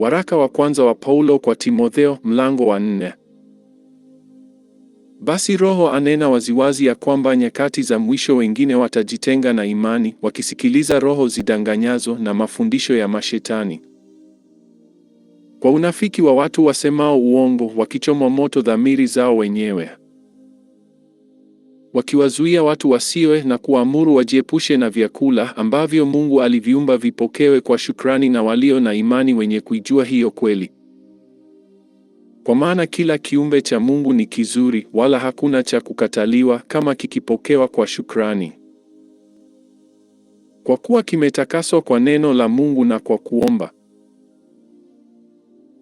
Waraka wa kwanza wa Paulo kwa Timotheo mlango wa nne. Basi Roho anena waziwazi ya kwamba nyakati za mwisho wengine watajitenga na imani, wakisikiliza roho zidanganyazo na mafundisho ya mashetani, kwa unafiki wa watu wasemao uongo, wakichomwa moto dhamiri zao wenyewe wakiwazuia watu wasiwe na kuamuru wajiepushe na vyakula ambavyo Mungu aliviumba vipokewe kwa shukrani na walio na imani wenye kuijua hiyo kweli. Kwa maana kila kiumbe cha Mungu ni kizuri, wala hakuna cha kukataliwa kama kikipokewa kwa shukrani, kwa kuwa kimetakaswa kwa neno la Mungu na kwa kuomba.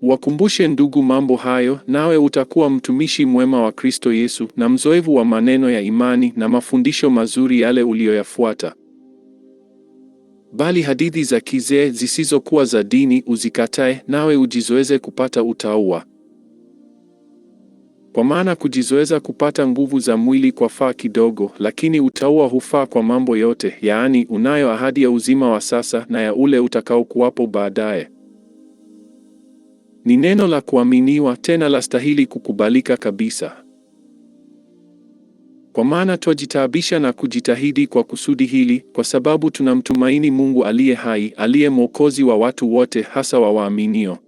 Wakumbushe ndugu mambo hayo, nawe utakuwa mtumishi mwema wa Kristo Yesu na mzoevu wa maneno ya imani na mafundisho mazuri yale uliyoyafuata. Bali hadithi za kizee zisizokuwa za dini uzikatae, nawe ujizoeze kupata utauwa. Kwa maana kujizoeza kupata nguvu za mwili kwa faa kidogo, lakini utauwa hufaa kwa mambo yote, yaani unayo ahadi ya uzima wa sasa na ya ule utakaokuwapo baadaye. Ni neno la kuaminiwa tena lastahili kukubalika kabisa. Kwa maana twajitaabisha na kujitahidi kwa kusudi hili, kwa sababu tunamtumaini Mungu aliye hai, aliye Mwokozi wa watu wote, hasa wa waaminio.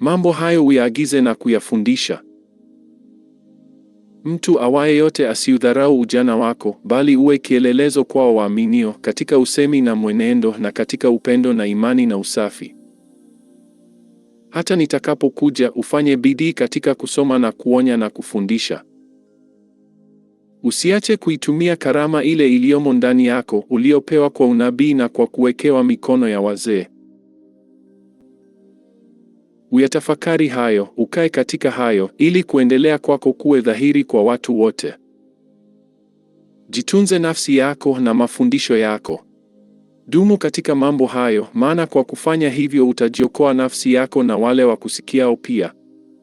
Mambo hayo uyaagize na kuyafundisha. Mtu awaye yote asiudharau ujana wako, bali uwe kielelezo kwao waaminio, katika usemi na mwenendo, na katika upendo na imani na usafi hata nitakapokuja ufanye bidii katika kusoma na kuonya na kufundisha. Usiache kuitumia karama ile iliyomo ndani yako uliopewa kwa unabii na kwa kuwekewa mikono ya wazee. Uyatafakari hayo, ukae katika hayo, ili kuendelea kwako kuwe dhahiri kwa watu wote. Jitunze nafsi yako na mafundisho yako. Dumu katika mambo hayo, maana kwa kufanya hivyo utajiokoa nafsi yako na wale wa kusikiao pia.